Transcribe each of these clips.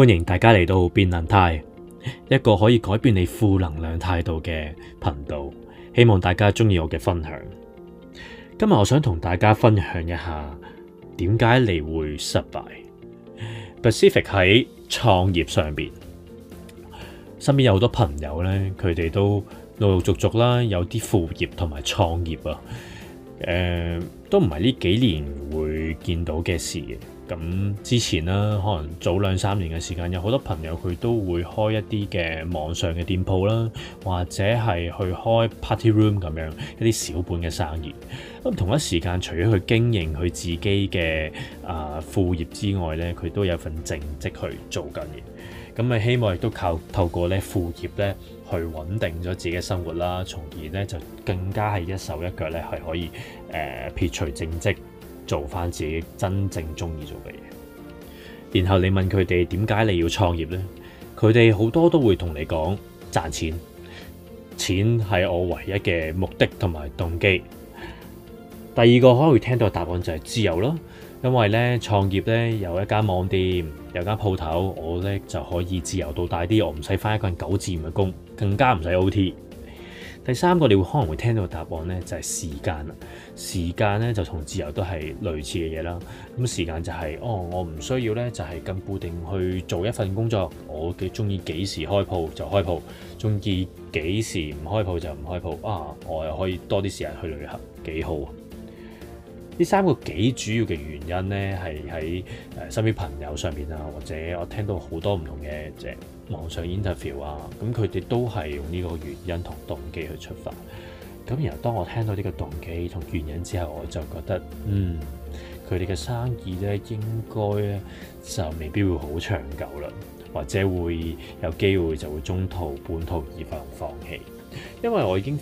歡迎大家嚟到變能態，一個可以改變你負能量態度嘅頻道。希望大家中意我嘅分享。今日我想同大家分享一下，點解你會失敗？Pacific 喺創業上面，身邊有好多朋友咧，佢哋都陸陸續續啦，有啲副業同埋創業啊，誒、呃，都唔係呢幾年會見到嘅事。咁之前啦，可能早兩三年嘅時間，有好多朋友佢都會開一啲嘅網上嘅店鋪啦，或者係去開 party room 咁樣一啲小本嘅生意。咁同一時間除咗去經營佢自己嘅啊、呃、副業之外咧，佢都有份正職去做緊嘢。咁咪希望亦都靠透過咧副業咧，去穩定咗自己嘅生活啦，從而咧就更加係一手一腳咧係可以誒、呃、撇除正職。做翻自己真正中意做嘅嘢，然後你問佢哋點解你要創業呢？佢哋好多都會同你講賺錢，錢係我唯一嘅目的同埋動機。第二個可能會聽到答案就係自由咯，因為呢創業呢有一間網店，有間鋪頭，我呢就可以自由到大啲，我唔使翻一個人九字員嘅工，更加唔使 OT。第三個你會可能會聽到答案咧，就係時間啦。時間咧就同自由都係類似嘅嘢啦。咁時間就係，哦，我唔需要咧，就係咁固定去做一份工作。我幾中意幾時開鋪就開鋪，中意幾時唔開鋪就唔開鋪。啊，我又可以多啲時間去旅行，幾好啊！呢三個幾主要嘅原因咧，係喺誒，身邊朋友上面啊，或者我聽到好多唔同嘅即係網上 interview 啊，咁佢哋都係用呢個原因同動機去出發。咁然後當我聽到呢個動機同原因之後，我就覺得，嗯，佢哋嘅生意咧應該咧就未必會好長久啦，或者會有機會就會中途半途而廢放棄，因為我已經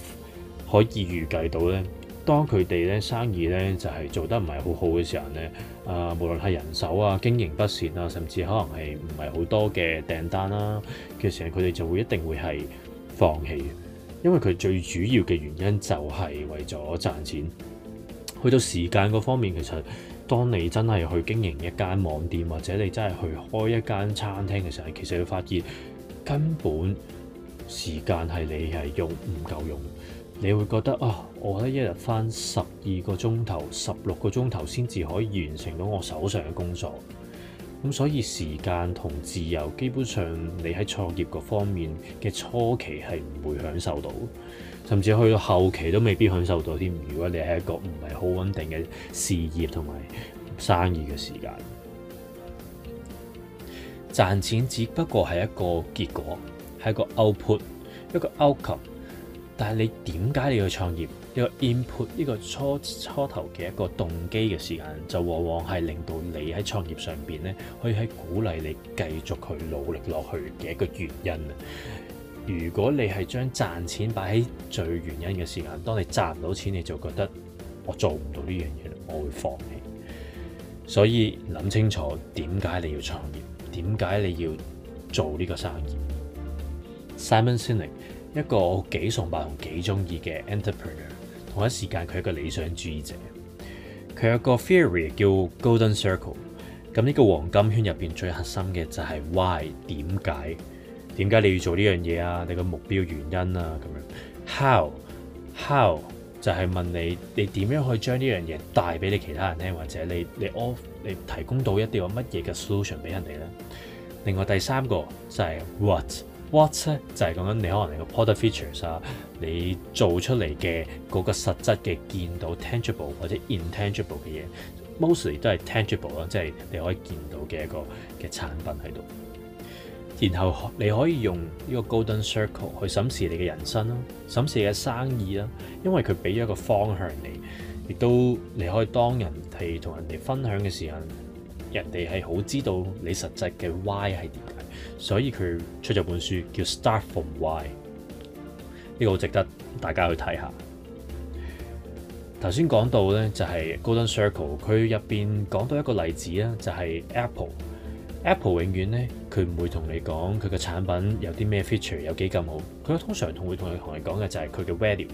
可以預計到咧。當佢哋咧生意咧就係做得唔係好好嘅時候咧，啊，無論係人手啊、經營不善啊，甚至可能係唔係好多嘅訂單啦、啊、嘅時候，佢哋就會一定會係放棄，因為佢最主要嘅原因就係為咗賺錢。去到時間嗰方面，其實當你真係去經營一間網店或者你真係去開一間餐廳嘅時候，其實你會發現根本時間係你係用唔夠用。你會覺得啊、哦，我咧一日翻十二個鐘頭、十六個鐘頭先至可以完成到我手上嘅工作。咁所以時間同自由，基本上你喺創業方面嘅初期係唔會享受到，甚至去到後期都未必享受到添。如果你係一個唔係好穩定嘅事業同埋生意嘅時間，賺錢只不過係一個結果，係一個 output，一個 outcome。但係你點解你要創業？要、這個、input，呢個初初頭嘅一個動機嘅時間，就往往係令到你喺創業上邊咧，可以喺鼓勵你繼續去努力落去嘅一個原因。如果你係將賺錢擺喺最原因嘅時間，當你賺唔到錢，你就覺得我做唔到呢樣嘢，我會放棄。所以諗清楚點解你要創業，點解你要做呢個生意。Simon Sinek。一個我幾崇拜同幾中意嘅 entrepreneur，同一時間佢係個理想主義者。佢有個 theory 叫 golden circle。咁呢個黃金圈入邊最核心嘅就係 why，點解？點解你要做呢樣嘢啊？你個目標原因啊咁樣。How，how how，就係問你你點樣可以將呢樣嘢帶俾你其他人聽，或者你你 o 你提供到一啲有乜嘢嘅 solution 俾人哋咧？另外第三個就係 what。what 咧就係講緊你可能你個 product features 啊，你做出嚟嘅嗰個實質嘅見到 tangible 或者 intangible 嘅嘢，mostly 都係 tangible 啦，即係你可以見到嘅一個嘅產品喺度。然後你可以用呢個 Golden Circle 去審視你嘅人生啦，審視你嘅生意啦，因為佢俾咗一個方向你，亦都你可以當人哋同人哋分享嘅時候，人哋係好知道你實際嘅 why 係點。所以佢出咗本書叫《Start From Why》，呢個好值得大家去睇下。頭先講到呢就係 Golden Circle，佢入邊講到一個例子啦，就係 Apple。Apple 永遠呢，佢唔會同你講佢嘅產品有啲咩 feature，有幾咁好。佢通常同會同同你講嘅就係佢嘅 value。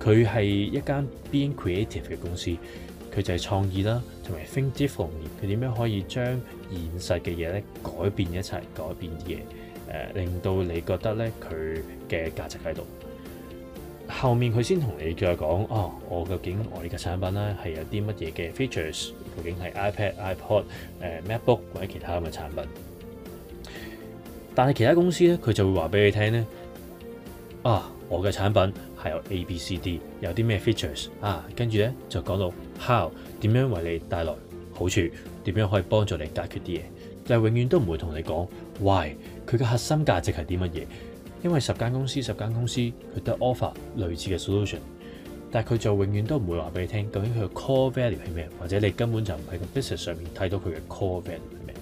佢係一間 being creative 嘅公司。佢就係創意啦，同埋 think different，佢點樣可以將現實嘅嘢咧改變一齊，改變啲嘢，誒、呃、令到你覺得咧佢嘅價值喺度。後面佢先同你再講，哦，我究竟我呢個產品咧係有啲乜嘢嘅 features，究竟係 iPad iPod、呃、iPod、誒 MacBook 或者其他咁嘅產品。但係其他公司咧，佢就會話俾你聽咧，啊，我嘅產品，係有 A、B、C、D 有啲咩 features 啊，跟住咧就講到 how 點樣為你帶來好處，點樣可以幫助你解決啲嘢，但永遠都唔會同你講 why 佢嘅核心價值係啲乜嘢，因為十間公司十間公司佢得 offer 類似嘅 solution，但係佢就永遠都唔會話俾你聽究竟佢嘅 core value 係咩，或者你根本就唔喺個 business 上面睇到佢嘅 core value 係咩。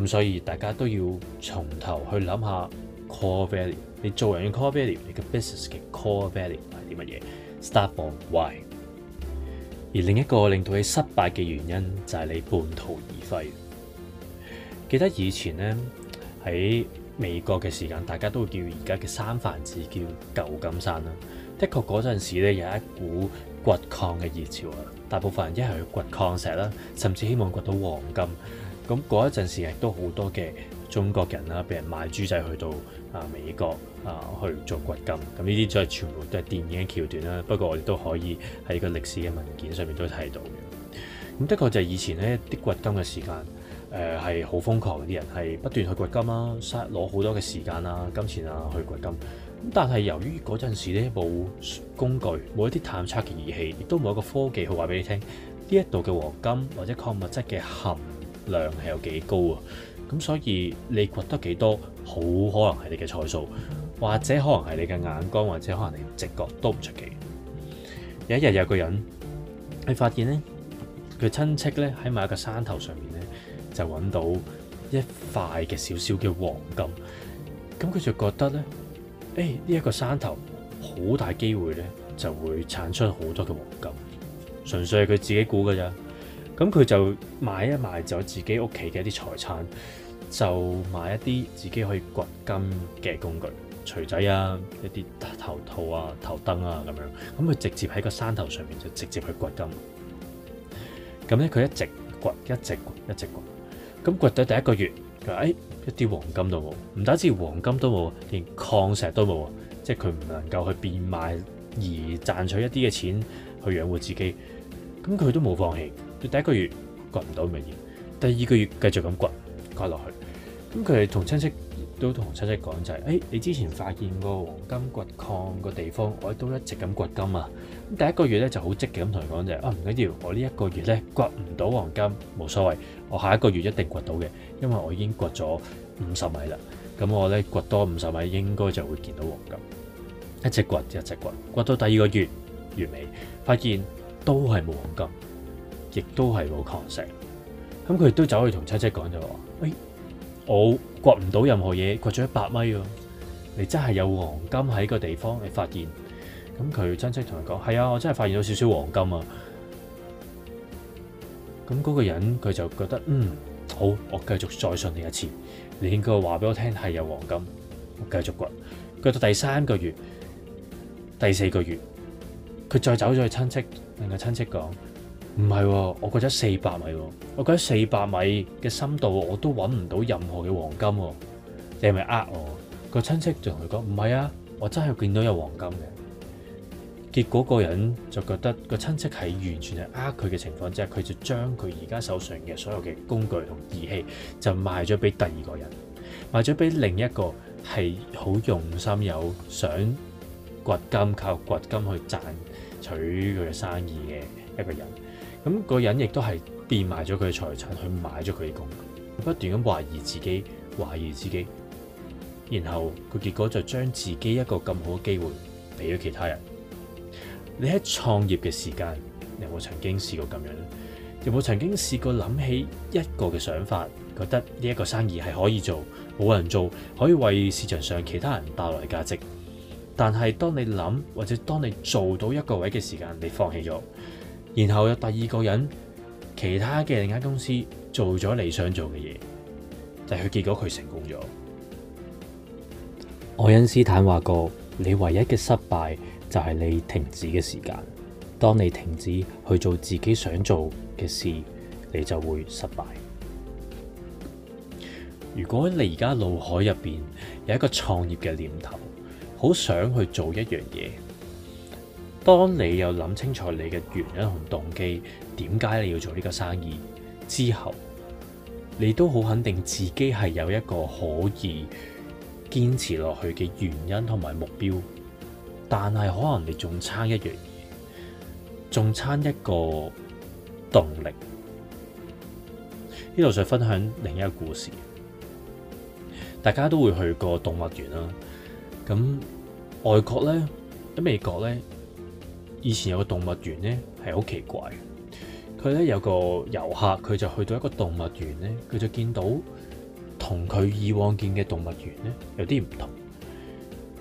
咁所以大家都要從頭去諗下 core value。你做人嘅 core value，你嘅 business。Core Valley 係啲乜嘢？Starboard Y。而另一個令到你失敗嘅原因就係、是、你半途而廢。記得以前呢，喺美國嘅時間，大家都會叫而家嘅三藩市叫舊金山啦。的確嗰陣時咧有一股掘礦嘅熱潮啊，大部分人一係去掘礦石啦，甚至希望掘到黃金。咁嗰一陣時亦都好多嘅中國人啦，俾人賣豬仔去到啊美國。啊，去做掘金咁呢啲，即係全部都係電影橋段啦。不過，我哋都可以喺個歷史嘅文件上面都睇到嘅。咁的確就係以前咧啲掘金嘅時間，誒係好瘋狂嘅啲人係不斷去掘金啦，嘥攞好多嘅時間啦、金錢啊去掘金。咁但係由於嗰陣時咧冇工具，冇一啲探測嘅儀器，亦都冇一個科技去話俾你聽呢一度嘅黃金或者礦物質嘅含量係有幾高啊。咁所以你掘得幾多，好可能係你嘅彩數。或者可能係你嘅眼光，或者可能你嘅直覺都唔出奇。有一日有一個人，你發現咧，佢親戚咧喺某一個山頭上面咧，就揾到一塊嘅少少嘅黃金。咁佢就覺得咧，誒呢一個山頭好大機會咧，就會產出好多嘅黃金。純粹係佢自己估嘅咋。咁佢就賣一賣咗自己屋企嘅一啲財產，就買一啲自己可以掘金嘅工具。錘仔啊，一啲頭套啊、頭燈啊咁樣，咁佢直接喺個山頭上面就直接去掘金。咁咧，佢一直掘，一直掘，一直掘。咁掘到第一個月，佢話：誒、哎，一啲黃金都冇，唔單止黃金都冇，連礦石都冇，即係佢唔能夠去變賣而賺取一啲嘅錢去養活自己。咁佢都冇放棄。佢第一個月掘唔到咪，明第二個月繼續咁掘，掘落去。咁佢係同親戚。都同七七講就係：誒，你之前發現個黃金掘礦個地方，我都一直咁掘金啊。咁第一個月咧就好積極咁同佢講就係：啊，唔緊要，我呢一個月咧掘唔到黃金冇所謂，我下一個月一定掘到嘅，因為我已經掘咗五十米啦。咁我咧掘多五十米應該就會見到黃金。一直掘，一直掘，掘到第二個月月尾，發現都係冇黃金，亦都係冇礦石。咁佢都走去同七七講就話：誒。我掘唔到任何嘢，掘咗一百米啊。你真係有黃金喺個地方，你發現，咁佢親戚同佢講：，係啊，我真係發現咗少少黃金啊。咁嗰個人佢就覺得，嗯，好，我繼續再信你一次，你應該話俾我聽係有黃金，我繼續掘，掘到第三個月、第四個月，佢再走咗去親戚，另個親戚講。唔係喎，我覺得四百米喎，我覺得四百米嘅深度我都揾唔到任何嘅黃金喎。你係咪呃我？個親戚就同佢講：唔係啊，我真係見到有黃金嘅。結果個人就覺得個親戚係完全係呃佢嘅情況之下，佢就將佢而家手上嘅所有嘅工具同儀器就賣咗俾第二個人，賣咗俾另一個係好用心有想掘金靠掘金去賺取佢嘅生意嘅一個人。咁個人亦都係變賣咗佢嘅財產去買咗佢嘅工具，不斷咁懷疑自己，懷疑自己，然後佢結果就將自己一個咁好嘅機會俾咗其他人。你喺創業嘅時間，你有冇曾經試過咁樣？有冇曾經試過諗起一個嘅想法，覺得呢一個生意係可以做，冇人做，可以為市場上其他人帶來價值？但係當你諗或者當你做到一個位嘅時間，你放棄咗。然後有第二個人，其他嘅另一間公司做咗你想做嘅嘢，就係佢，結果佢成功咗。愛因斯坦話過：你唯一嘅失敗就係你停止嘅時間。當你停止去做自己想做嘅事，你就會失敗。如果你而家腦海入邊有一個創業嘅念頭，好想去做一樣嘢。當你有諗清楚你嘅原因同動機，點解你要做呢個生意之後，你都好肯定自己係有一個可以堅持落去嘅原因同埋目標，但係可能你仲差一樣嘢，仲差一個動力。呢度想分享另一個故事，大家都會去過動物園啦，咁外國呢？喺美國呢？以前有個動物園咧，係好奇怪嘅。佢咧有個遊客，佢就去到一個動物園咧，佢就見到同佢以往見嘅動物園咧有啲唔同。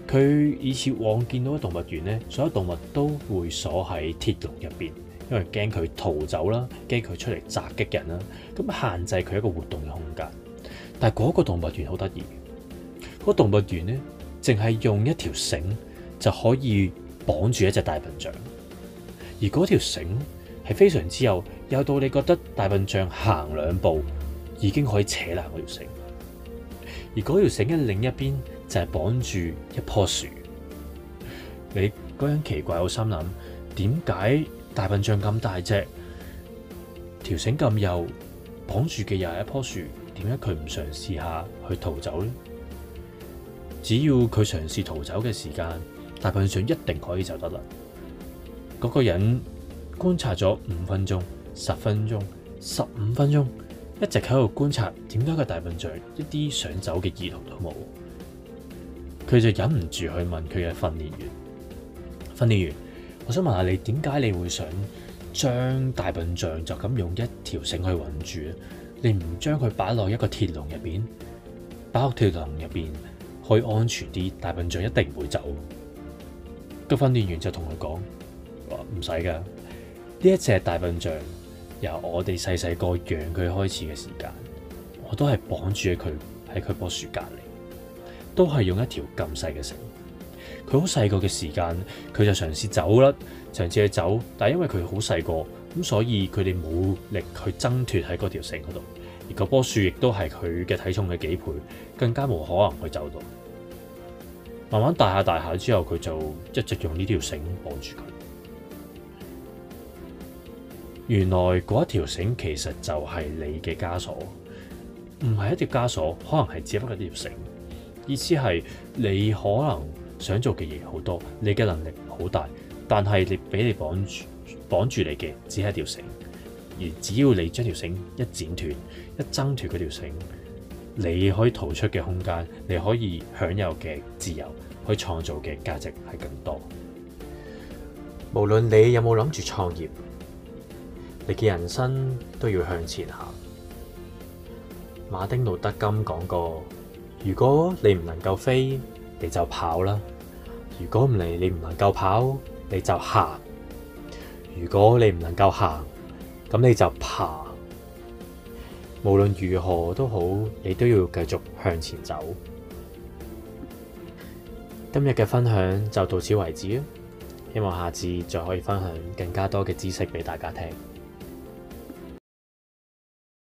佢以前往見到嘅動物園咧，所有動物都會鎖喺鐵籠入邊，因為驚佢逃走啦，驚佢出嚟襲擊人啦，咁限制佢一個活動嘅空間。但係嗰個動物園好得意，嗰個動物園咧淨係用一條繩就可以，綁住一隻大笨象，而嗰條繩係非常之幼，幼到你覺得大笨象行兩步已經可以扯爛嗰條繩。而嗰條繩嘅另一邊就係綁住一棵樹。你嗰樣奇怪，我心諗，點解大笨象咁大隻，條繩咁幼，綁住嘅又係一棵樹，點解佢唔嘗試下去逃走呢？只要佢嘗試逃走嘅時間。大笨象一定可以就得啦。嗰個人觀察咗五分鐘、十分鐘、十五分鐘，一直喺度觀察，點解個大笨象一啲想走嘅意圖都冇？佢就忍唔住去問佢嘅訓練員：訓練員，我想問下你，點解你會想將大笨象就咁用一條繩去韁住？你唔將佢擺落一個鐵籠入邊，包鐵籠入邊可以安全啲，大笨象一定唔會走。那個訓練員就同佢講：唔使噶，呢一隻大笨象由我哋細細個養佢開始嘅時間，我都係綁住佢喺佢棵樹隔籬，都係用一條咁細嘅繩。佢好細個嘅時間，佢就嘗試走啦，嘗試去走，但係因為佢好細個，咁所以佢哋冇力去掙脱喺嗰條繩嗰度，而嗰棵樹亦都係佢嘅體重嘅幾倍，更加冇可能去走到。慢慢大下大下之後，佢就一直用呢條繩綁住佢。原來嗰一條繩其實就係你嘅枷鎖，唔係一條枷鎖，可能係只不過係一條繩。意思係你可能想做嘅嘢好多，你嘅能力好大，但係你俾你綁住綁住你嘅只係一條繩，而只要你將條繩一剪斷，一掙斷嗰條繩。你可以逃出嘅空間，你可以享有嘅自由，可以創造嘅價值係更多。無論你有冇諗住創業，你嘅人生都要向前行。馬丁路德金講過：如果你唔能夠飛，你就跑啦；如果唔嚟，你唔能夠跑，你就行；如果你唔能夠行，咁你就爬。無論如何都好，你都要繼續向前走。今日嘅分享就到此為止啦，希望下次再可以分享更加多嘅知識畀大家聽。